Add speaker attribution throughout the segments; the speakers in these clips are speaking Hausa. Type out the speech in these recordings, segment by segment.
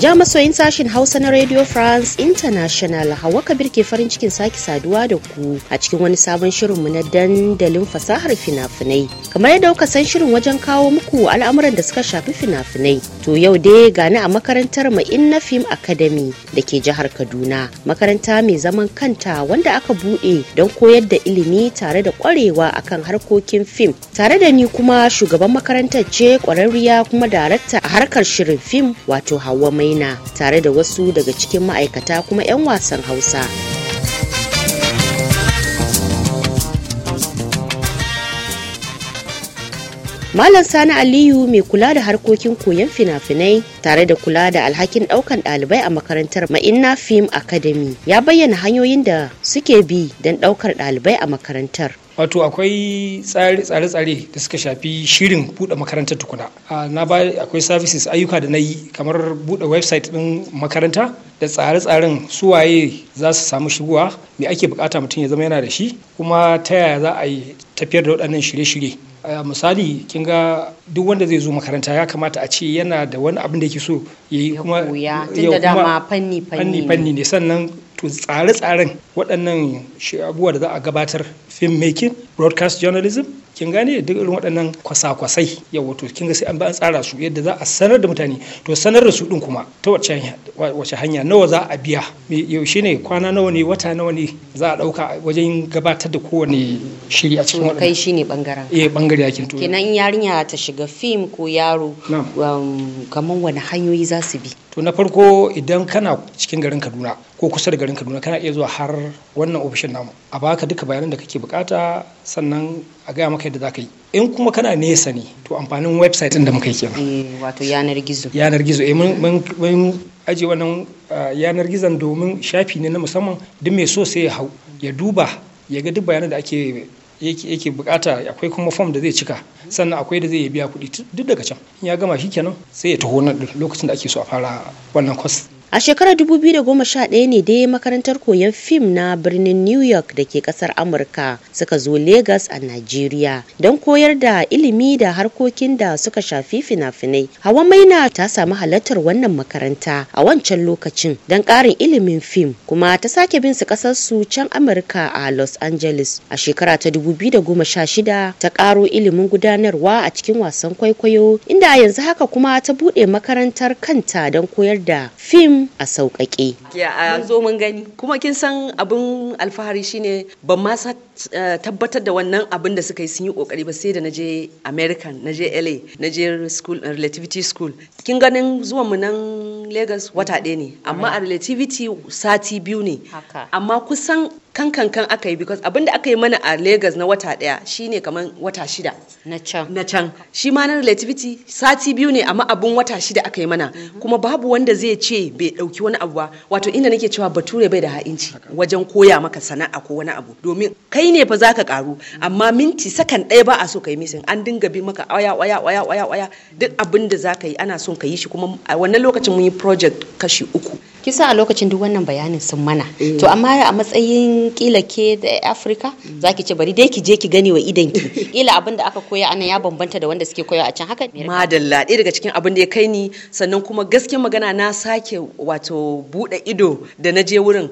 Speaker 1: Ja masoyin sashen Hausa na Radio France International Hawa Kabir ke farin cikin sake saduwa da ku a cikin wani sabon shirinmu na dandalin fasahar fina-finai. Kamar yadda kuka san shirin wajen kawo muku al'amuran da suka shafi fina-finai. To yau dai gani a makarantar Ma'inna Film Academy da ke jihar Kaduna. Makaranta mai zaman kanta wanda aka buɗe don koyar da ilimi tare da kwarewa akan harkokin fim. Tare da ni kuma shugaban makarantar ce kwararriya kuma darakta a harkar shirin fim wato Hawa Mai maina tare da wasu daga cikin ma'aikata kuma 'yan wasan hausa Malam Sani Aliyu mai kula da harkokin koyon fina-finai tare da kula da alhakin daukan ɗalibai a makarantar Ma'inna Film Academy ya bayyana hanyoyin da suke bi don daukar ɗalibai a makarantar.
Speaker 2: wato akwai tsare-tsare da suka shafi shirin buɗe makarantar tukuna na ba akwai services ayyuka da na yi kamar buɗe website ɗin makaranta da tsare-tsaren suwaye za su samu shigowa me ake bukata mutum ya zama yana da shi kuma ta yaya za a yi tafiyar da waɗannan shirye-shirye a eh, misali kin ga duk wanda zai zo makaranta ya kamata a ce yana da wani abin da yake so ya yi kuma ya kuma fanni fanni ne sannan to tsare-tsaren waɗannan abubuwa da za a gabatar film making broadcast journalism kin gane duk irin waɗannan kwasa-kwasai yau wato kin ga sai an ba an tsara su yadda za a sanar da mutane to sanar da su din kuma ta wace hanya nawa za a biya yaushe ne kwana nawa ne wata nawa ne za a ɗauka wajen gabatar da kowane shiri a cikin kai
Speaker 1: shine bangaren eh
Speaker 2: bangare yakin to kenan
Speaker 1: yarinya ta shiga fim ko yaro
Speaker 2: um, kamar wani hanyoyi za su bi to na farko idan kana cikin garin kaduna ko kusa da garin kaduna kana iya zuwa har wannan ofishin namu a baka duka bayanan da kake bukata sannan a gaya maka yadda za ka yi in kuma kana nesa ne to amfanin website din da muka yi kenan eh, wato yanar gizo yanar gizo eh mun aje wannan ah, yanar gizon domin shafi ne na musamman duk mai so sai ya hau ya duba ya ga duk bayanan da ake yake bukata akwai kuma form da zai cika sannan akwai da zai biya kuɗi duk daga can in ya gama shi kenan. sai ya taho nan lokacin da ake so a fara wannan kwas.
Speaker 1: A shekarar 2011 ne dai makarantar koyon fim na birnin New York da ke kasar Amurka suka zo Lagos a Najeriya don koyar da ilimi da harkokin da suka shafi fina-finai. Hawa Maina ta samu halartar wannan makaranta a wancan lokacin don ƙarin ilimin fim kuma ta sake bin su kasar su can Amurka a Los Angeles. A shekara ta 2016 ta ƙaro ilimin gudanarwa a cikin wasan kwaikwayo inda yanzu haka kuma ta buɗe makarantar kanta don koyar da fim a sauƙaƙe. a zo mun gani
Speaker 3: kuma kin san abin alfahari shine ba ma eh, tabbatar da wannan abin da suka yi sun yi ƙoƙari ba sai da na america American je LA na je school eh, relativity school kin ganin zuwan mu nan Lagos wata ɗaya ne amma a relativity sati biyu ne amma kusan kan kan kan aka yi because abin da aka yi mana a Lagos na wata daya shine kamar wata shida na can shi ma na relativity sati biyu ne amma abun wata shida aka yi mana mhm. kuma babu wanda zai ce bai dauki wani abu ba wato inda nake cewa bature bai da ha'inci wajen koya maka sana'a ko wani abu domin kai ne fa zaka karu amma minti sakan ɗaya ba a so kai misin an dinga bi maka waya waya waya waya waya duk abin da zaka yi ana son
Speaker 1: ka yi shi kuma a wannan lokacin mun yi project kashi uku kisa a lokacin duk wannan bayanin sun mana eh. to amma a matsayin kila ke da afirka mm. ki ce bari dai ki je ki gani wa idan ki kila abin da aka koya ana ya bambanta da wanda suke koya a can haka da ɗaya daga cikin abin da ya kai
Speaker 3: ni sannan kuma gaskiyar magana na sake wato buɗe ido da na je wurin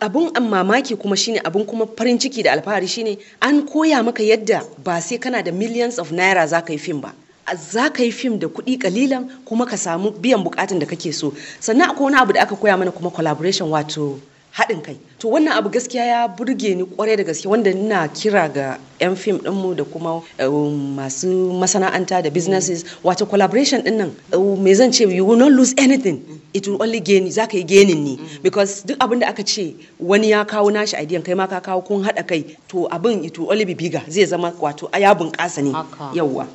Speaker 3: abun an mamaki kuma shine abin kuma farin ciki da alfahari shine an koya maka yadda ba sai kana da millions of naira za ka yi fim ba za ka yi fim da kuɗi kalilan kuma ka samu biyan bukatun da kake so sannan akwai wani abu da aka koya mana kuma collaboration wato haɗin kai to wannan abu gaskiya ya burge ni kwarai da gaske wanda ina kira ga 'yan fim ɗinmu da kuma eh, masu masana'anta da businesses mm. wato collaboration din nan eh, me zan ce you will not lose anything mm. it will only gain za ka yi gainin ne mm. because duk abin da aka ce wani ya kawo nashi idean kai ma ka kawo kun haɗa kai to abin it will only be bigger zai zama
Speaker 1: wato ya bunƙasa ne yawwa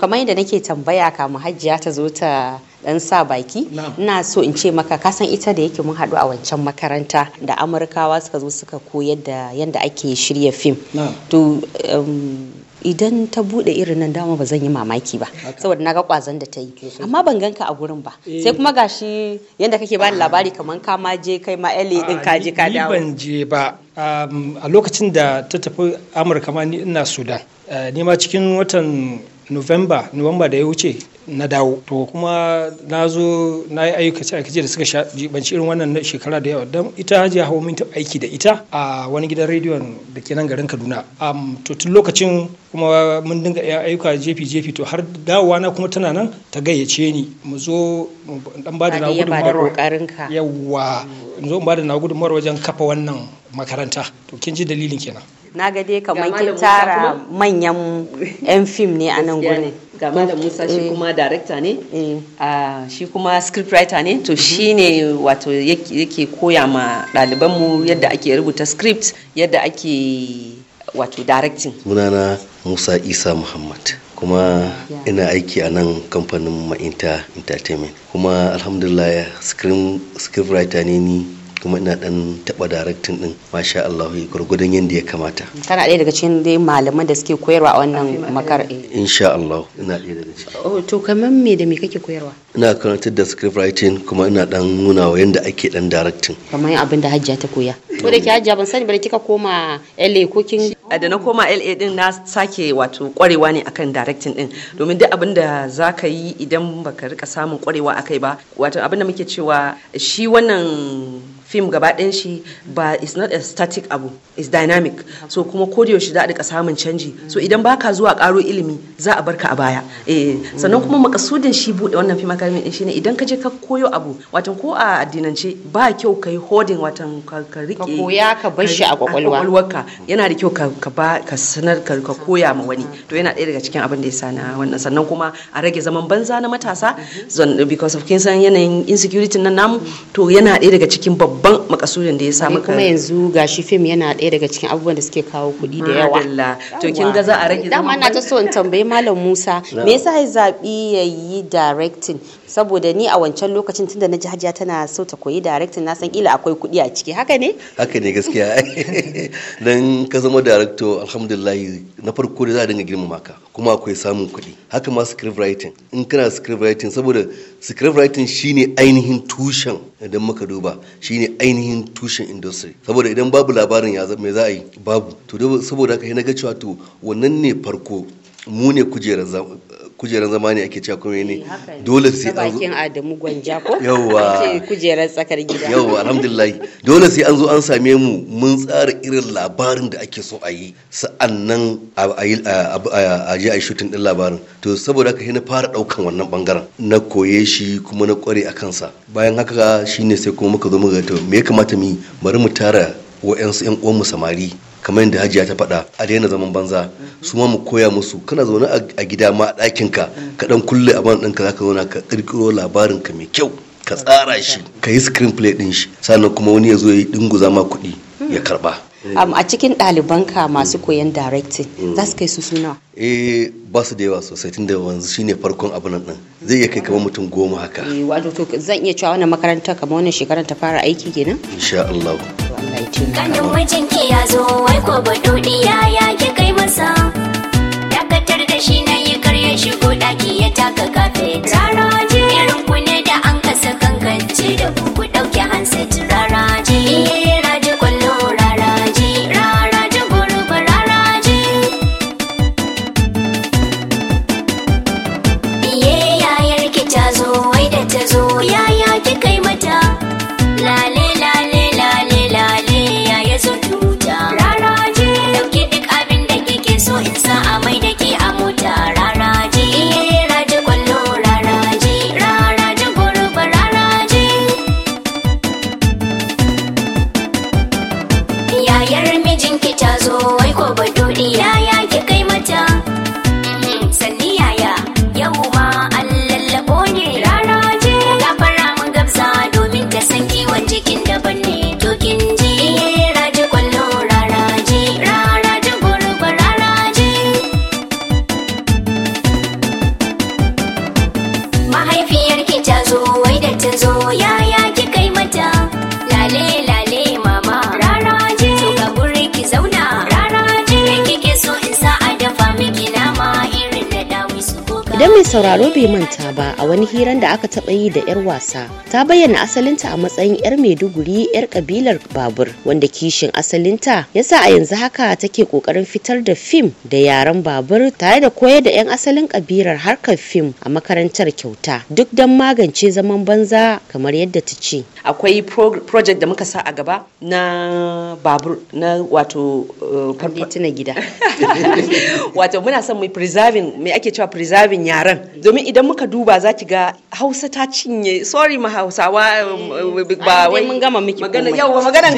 Speaker 1: kamar yadda nake tambaya kamun hajjiya ta zo ta dan sa baki ina so in ce maka kasan ita da yake mun hadu a wancan makaranta da amurkawa suka zo suka koyar da yadda ake shirya fim to um, idan ta bude irin nan dama ba zan yi mamaki ba saboda naga kwazon da ta yi amma ban ganka a gurin ba eh. sai kuma gashi yadda kake bani labari ah. kamar ka ma je kai ma ele din ka ah, je ka dawo ban
Speaker 2: je ba um, a lokacin da ta tafi amurka ma ni ina sudan eh, ni ma cikin watan november november da ya wuce na dawo to kuma na zo na yi aikace aikace da suka banci irin wannan shekara da yawa don ita hajiya hawa min aiki da ita a wani gidan rediyon da ke nan garin kaduna to tun lokacin kuma mun dinga yan ayyuka jefi jefi to har dawowa na kuma tana nan ta gayyace ni mu zo dan ba da na yawa mu zo mu ba da na gudunmawar wajen kafa wannan makaranta to kin ji dalilin kenan
Speaker 1: na ga dai kamar kin tara manyan yan fim ne a nan gurin ga malam musa shi eh. kuma director ne eh.
Speaker 3: ah, shi kuma script writer ne to mhm. shi ne wato yake koya ma ɗalibanmu yadda ake rubuta script yadda ake wato directing
Speaker 4: sunana musa isa muhammad kuma ina aiki a nan kamfanin ma'inta entertainment kuma alhamdulillah script writer ne ni kuma ina dan taba directing din masha Allah gurgudun yanda ya kamata
Speaker 1: kana ɗaya daga cikin dai malaman da suke koyarwa a wannan makar eh.
Speaker 4: insha Allah ina ɗaya daga cikin
Speaker 1: oh to kaman me da me kake koyarwa
Speaker 4: ina karantar da script writing kuma ina dan nuna wa yanda ake dan directing
Speaker 1: kamar abin da Hajja ta koya ko da ke Hajja ban sani ba kika koma LA ko kin da na koma LA din na
Speaker 3: sake wato kwarewa ne akan directing din domin duk abin da zaka yi idan baka rika samun kwarewa akai ba wato abin da muke cewa shi wannan fim gaba ɗayan shi ba it's not a static abu it's dynamic so kuma ko yaushe za a rika samun canji so idan baka zuwa karo ilimi za a barka a baya eh sannan kuma makasudin shi buɗe wannan fim akademi din shine idan ka je ka koyo abu watan ko a addinance ba kyau kai holding watan ka
Speaker 5: rike ka koya ka bar shi a kwakwalwarka
Speaker 3: yana da kyau ka ba ka sanar ka koya ma wani to yana ɗaya daga cikin abin da ya sa na wannan sannan kuma a rage zaman banza na matasa because of kin san yanayin insecurity nan namu to yana ɗaya daga cikin babban babban makasudin da ya samu kuma yanzu
Speaker 1: gashi fim yana ɗaya daga cikin abubuwan da suke kawo kuɗi da yawa to kin ga za a rage dama na ta so in tambayi malam Musa me yasa ya zabi yayi directing saboda ni a wancan lokacin tunda na jihajiya tana so ta koyi directing na san ila akwai kuɗi a ciki haka ne
Speaker 4: haka ne gaskiya dan ka zama director alhamdulillah na farko da za a dinga girmama ka kuma akwai samun kuɗi haka ma script writing in kana script writing saboda script writing shine ainihin tushen idan muka duba shine ainihin tushen industry saboda idan babu labarin ya zama za a yi babu to saboda haka na ga cewa to wannan ne farko mu ne kujerar kujeran zama ne ake cewa kuma ne eh, dole sai an bakin
Speaker 1: Adamu Gwanja ko yawa kujeran tsakar gida yawa alhamdulillah
Speaker 4: dole sai an zo an same mu mun tsara irin labarin da ake so a yi sa'annan a je a yi shooting din labarin to saboda haka na fara daukan wannan bangaren na koye shi kuma na kware a kansa bayan haka shine sai kuma muka zo muka to me ya kamata mu bari mu tara wa'yansu 'yan mu samari kamar yadda hajiya ta faɗa a daina zaman banza su ma mu koya musu kana zaune a gida ma a ɗakin ka ka dan kulle a ban ɗinka zaka zauna ka ƙirƙiro labarin ka mai kyau ka tsara shi ka yi screen play ɗin shi sannan kuma wani ya zo ya yi dinguza ma kuɗi ya karɓa a
Speaker 1: cikin ɗalibanka masu koyan directing mm. za su kai su suna
Speaker 4: eh ba su da yawa sosai tun da wanzu shine farkon abin nan zai iya kai kamar mutum goma
Speaker 1: haka eh, wato zan iya cewa wannan makaranta kamar wannan shekarar ta fara aiki kenan insha Allah
Speaker 6: 2019 kanin mijinki ya zo wai ko badudi ya ya ki kai masa dakatar da shi na yi karya shigo daki ya taka kafe taraje irin ne da an kasa kankance da ku ku dauke hansa
Speaker 1: sauraro bai manta ba a wani hiran da aka taɓa yi da 'yar wasa ta bayyana asalinta a matsayin 'yar maiduguri 'yar kabilar babur wanda kishin asalinta ya sa a yanzu haka take kokarin fitar da fim da yaren babur tare da koyar da 'yan asalin kabilar harkar fim a makarantar kyauta duk don magance zaman banza kamar yadda ta ce
Speaker 3: akwai project da muka sa a gaba
Speaker 1: na babur na wato uh, gida
Speaker 3: wato muna son mai preserving me ake cewa preserving yaren domin idan muka duba za ki ga hausa ta cinye sorry ma hausawa um, um, ba wai mun gama miki maganan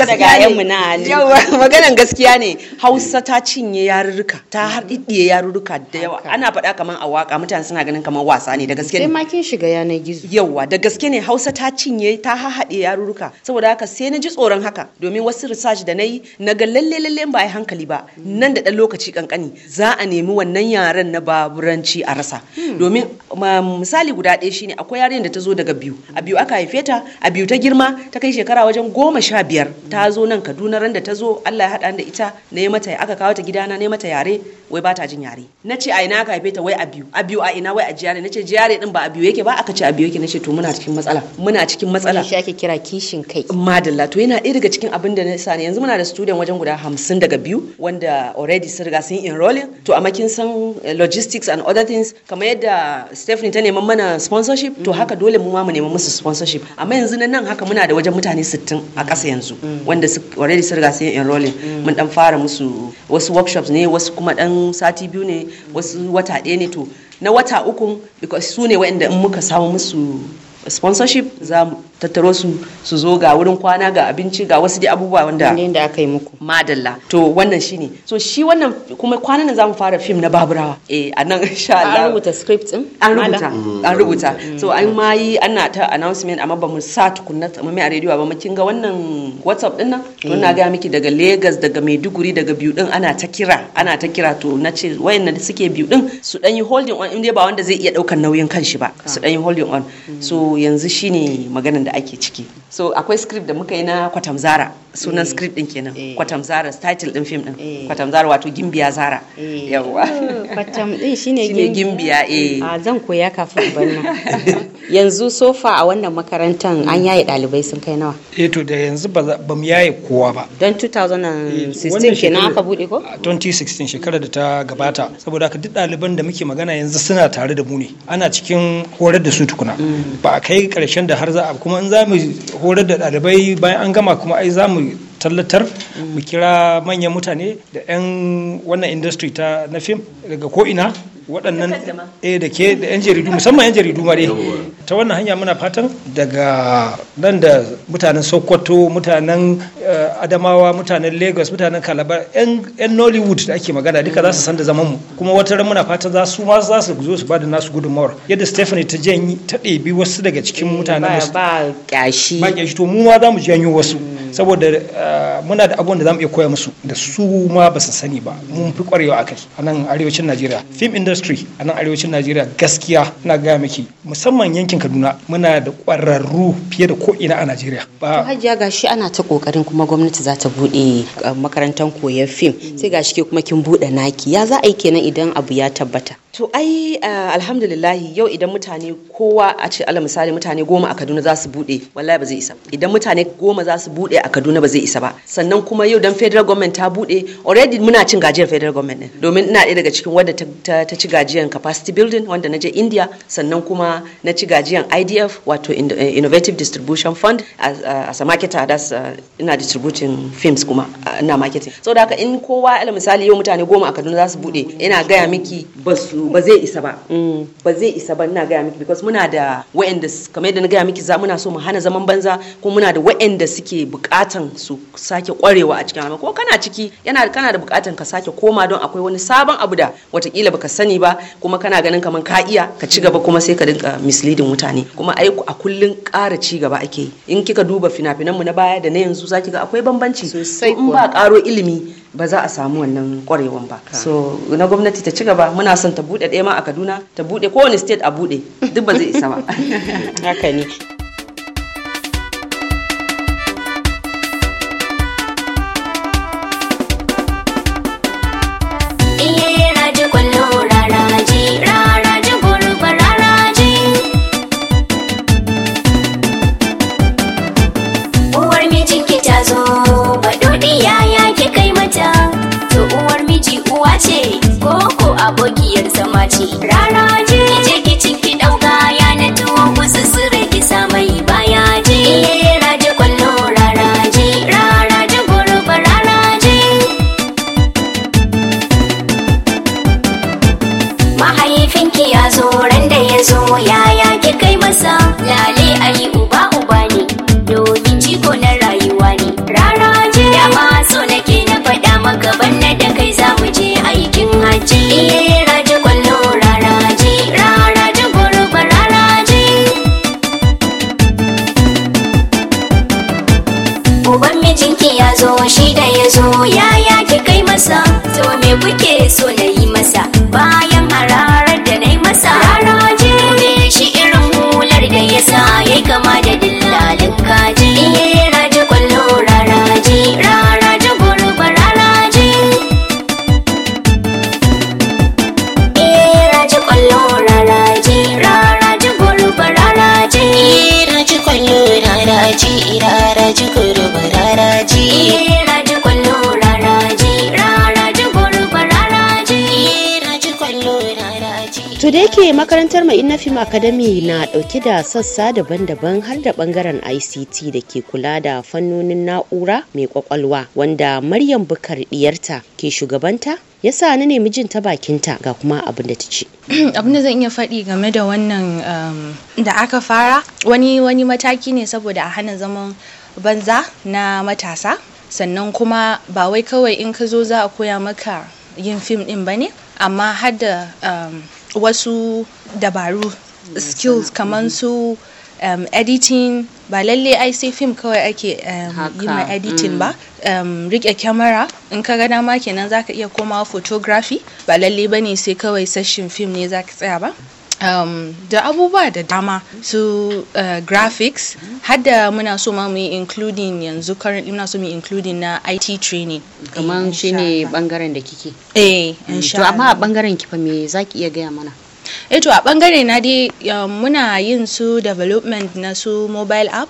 Speaker 3: gaskiya ne hausa ta cinye yarurruka ta har didiye mm. yarurruka da yawa ana faɗa kamar a waka mutane suna ganin kamar wasa ne da gaske ne sai
Speaker 1: kin shiga yanar gizo
Speaker 3: yawa da gaske ne hausa ta cinye ta haɗe yarurruka saboda haka sai na ji tsoron haka domin wasu research da na yi na ga lalle lalle ba a hankali ba mm. nan da ɗan lokaci kankani za a nemi wannan yaren na baburanci a rasa hmm. domin domin misali guda ɗaya shine akwai yarinyar da ta zo daga biyu a biyu aka haife ta a biyu ta girma ta kai shekara wajen goma sha biyar ta zo nan kaduna ran da ta zo allah ya haɗa da ita na yi mata aka kawo ta gidana na yi mata yare wai ba ta jin yare na ce a ina aka haife ta wai a biyu a biyu a ina wai a jiyare na ce jiyare din ba a biyu yake ba aka ce a biyu yake na ce to muna cikin matsala muna cikin matsala shi ake kira kishin kai madalla to yana ɗaya daga cikin abin da na sani yanzu muna da student wajen guda hamsin daga biyu wanda already sun riga sun enrolling to a makin san eh, logistics and other things kamar yadda Stephanie ta neman mana sponsorship to haka dole mu ma mu neman musu sponsorship amma yanzu nan haka muna da wajen mutane 60 a ƙasa yanzu mm. wanda su already sun riga sun enrolling mm. mun dan fara musu wasu workshops ne wasu kuma dan sati biyu ne wasu wata ɗaya ne to na wata uku because su ne waɗanda in muka samu musu sponsorship za mu tattaro su su zo ga wurin kwana ga abinci ga wasu dai abubuwa wanda da aka yi muku madalla to wannan shine so shi wannan kuma kwanan nan za mu fara film na baburawa eh anan insha Allah an rubuta script din an rubuta an mm. rubuta so an ma yi ana ta announcement amma ba mu sa tukunna amma mai a radio ba mu kinga wannan whatsapp din nan to na mm. ga miki daga Lagos daga Maiduguri daga biyu din ana ta kira ana ta kira to na ce wayannan da suke biyu din su dan yi holding on in ba wanda zai iya daukar nauyin kanshi ba su dan ah. yi holding on mm. so yanzu shine maganan da ake ciki so akwai script da muka yi na kwatam zara sunan eh. script din kenan eh. kwatam zara title din film din eh. kwatam zara wato gimbiya zara yawa
Speaker 1: kwatam din shine gimbiya eh ah, zan koya kafin banna yanzu sofa a wannan makarantar an yaye dalibai sun kai nawa
Speaker 2: eh to da yanzu ba mu yaye kowa ba
Speaker 1: don 2016 eh, kenan aka bude ko
Speaker 2: 2016 shekarar da ta gabata saboda haka duk daliban da muke magana yanzu suna tare da mu ne ana cikin horar da su tukuna mm. ba a kai karshen da har za a kuma in za mu horar da dalibai bayan an gama kuma ai za mu tallatar mu kira manyan mutane da 'yan wannan industry ta na fim daga ko'ina waɗannan eh da ke da yan jaridu musamman yan jaridu mare ta wannan hanya muna fatan daga nan da mutanen sokoto mutanen eh, adamawa mutanen lagos mutanen calabar yan nollywood da ake magana duka za su san da zaman mu kuma wata ran muna fatan za su ma za su zo su bada nasu gudunmawar yadda stephanie ta janyi ta ɗebi wasu daga cikin mutanen ba kyashi ba kyashi to mu ma za mu janyo wasu saboda eh, muna da abubuwan da zamu iya koya musu da su ma ba su sani ba mun fi kwarewa a kai a nan arewacin Najeriya film industry a nan arewacin Najeriya gaskiya ina gaya miki musamman yankin Kaduna muna da kwararru fiye da ko ina a Najeriya ba
Speaker 1: hajiya gashi ana ta kokarin kuma gwamnati za ta bude eh, makarantar koyon film sai gashi ke kuma kin bude naki ya za a yi kenan idan abu ya tabbata
Speaker 3: To ai alhamdulillahi yau idan mutane kowa a ce ala misali mutane goma a Kaduna za su bude wallahi ba zai isa idan mutane goma za su bude a Kaduna ba zai isa ba sannan kuma yau dan federal government ta bude already muna cin gajiyar federal government din domin ina ɗaya daga cikin wanda ta, ci gajiyar capacity building wanda na je India sannan kuma na ci gajiyar IDF wato eh, innovative distribution fund as, a marketer das uh, ina distributing films kuma ina marketing so da haka in kowa ala misali yau mutane goma a Kaduna za su bude ina gaya miki ba su ba zai isa ba mm. ba zai isa ba ina gaya miki because muna da wa'anda kamar yadda na gaya miki za muna so mu hana zaman banza ko muna da wa'anda suke bukatan su sake kwarewa a cikin al'amari ko kana ciki yana kana da bukatan ka sake koma don akwai wani sabon abu da watakila baka sani ba kuma kana ganin kamar ka iya ka ci gaba kuma sai ka dinka misleading mutane kuma ai a kullun ƙara ci gaba ake yi in kika duba fina-finanmu na baya da na yanzu zaki ga akwai bambanci sosai in ba karo ilimi ba za a samu wannan kwarewan ba so na gwamnati ta ci gaba muna son ta bude ɗaya ma a kaduna ta bude kowane state a bude duk ba zai isa ba haka
Speaker 1: ne
Speaker 6: ce rana uban mijinki ya zo shi da ya zo yaya ki kai masa to me kuke so ne
Speaker 1: To da yake makarantar mai Innafim Academy na dauke da sassa daban-daban har da bangaren ICT da ke kula da fannonin na'ura mai kwakwalwa wanda Maryam Bukar diyarta ke shugabanta ya sa ni nemi jin ta bakinta ga kuma abin da ta ce.
Speaker 5: abin da zan iya faɗi game da wannan um, da aka fara wani wani mataki ne saboda a hana zaman banza na matasa sannan kuma ba wai kawai in ka zo za a koya maka yin fim ɗin ba ne amma har da um, wasu dabaru skills kamar mm-hmm. su um, editing ba lalle ai sai fim kawai ake um, yi ma editing ba mm. um, rike kyamara in ka ga dama kenan zaka iya komawa photography ba lalle ba ne sai kawai sashin fim ne zaka tsaya ba um, da abubuwa da dama su uh, graphics hada muna so ma mu including yanzu currently muna so mu including na IT training kaman eh, shine bangaren da kike
Speaker 1: eh mm, insha Allah to amma a bangaren ki fa
Speaker 5: me zaki iya gaya mana eh to a bangare na dai um, muna yin su development na su mobile app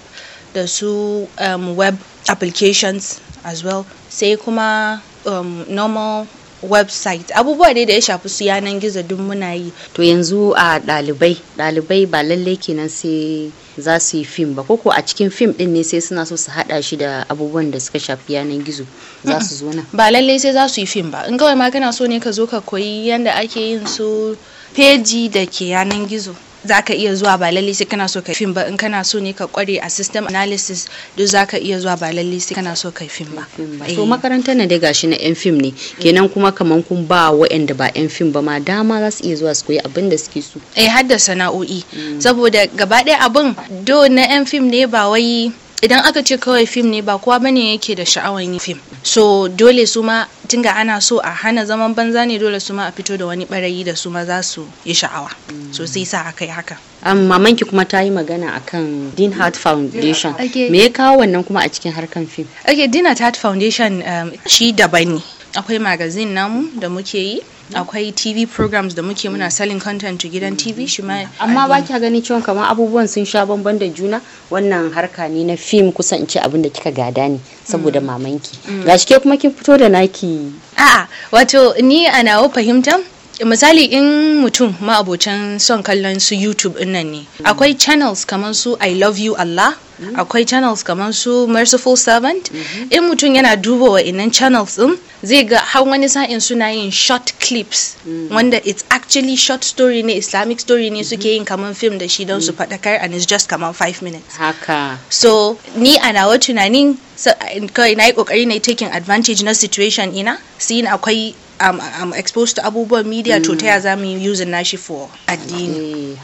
Speaker 5: da su um, web applications as well sai kuma um, normal website abubuwa ne da ya shafi su yanan
Speaker 1: gizo duk muna yi to yanzu a ɗalibai ɗalibai ba lallai kenan sai za su yi fim ba koko a cikin fim din ne sai suna so su hada shi da abubuwan da suka shafi yanan gizo za su zo na ba lallai sai za su yi fim
Speaker 5: ba in kawai ma kana so ne ka zo ka koyi yanda ake yin su feji da ke yanan gizo za ka iya zuwa ba lalle sai kana so ka fim ba in kana so ne ka kware a system analysis duk ka iya zuwa ba lalle sai kana so ka fim ba
Speaker 1: so eh. makarantar na dai gashi na yan fim ne kenan kuma kaman kun ba wa'anda ba yan fim ba ma dama za su iya zuwa su koyi abin da suke so
Speaker 5: eh har da sana'o'i mm. saboda gaba ɗaya abin do na yan fim ne ba wai idan aka ce kawai fim ne ba kowa bane yake da sha'awar yin fim so dole su ma tinga ana so a hana zaman banza ne dole su ma a fito da wani barayi da su ma za su yi sha'awa so sai sa aka yi haka
Speaker 1: um, mamanki kuma ta yi magana akan Dean Hart Foundation me ya kawo wannan kuma a cikin harkan fim okay Dean Hart
Speaker 5: Foundation um, shi daban ne akwai magazin namu da muke yi akwai tv programs da muke muna mm. selling content to gidan tv shi ma amma ba
Speaker 1: kya gani cewa kamar abubuwan sun sha bamban da juna wannan harka ne na film kusan ce abin da kika gada ne saboda mm. mamanki mm. gashi ke kuma kin fito da naki
Speaker 5: a'a wato ni a nawa fahimta misali in mutum ma'abocin son kallon su youtube nan ne akwai channels kamar su i love you allah mm-hmm. akwai channels kamar su merciful servant mm-hmm. in mutum yana duba wa inan channels din zai ga har wani sa'in suna yin short clips mm-hmm. wanda it's actually short story ne islamic story ne suke yin kamar film da shi don su faɗakar and it's just kamar 5 minutes haka so ni a nawa tunanin kawai na yi kokari na taking advantage na situation ina sin akwai am, am exposed to abubuwan media to mm. ta za mu yi using nashi for addini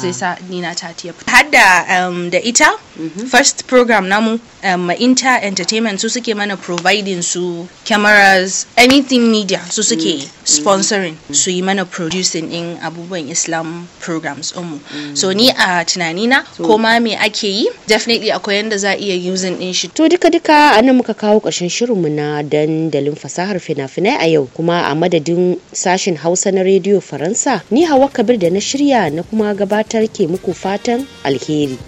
Speaker 5: sai eh, sa nina ta tiya har da um, da ita mhm. first program namu um, inter entertainment su suke mana providing su cameras anything media su suke mm. Mm. sponsoring su yi mana producing in abubuwan islam programs mm. so ni a tunanina ko ma me ake yi definitely akwai yanda za iya using din shi to
Speaker 1: duka duka anan muka kawo ƙarshen shirinmu na dandalin fasahar fina-finai a yau kuma kuma a madadin sashen hausa na rediyo faransa ni hawa kabir da na shirya na kuma gabatar ke muku fatan alheri.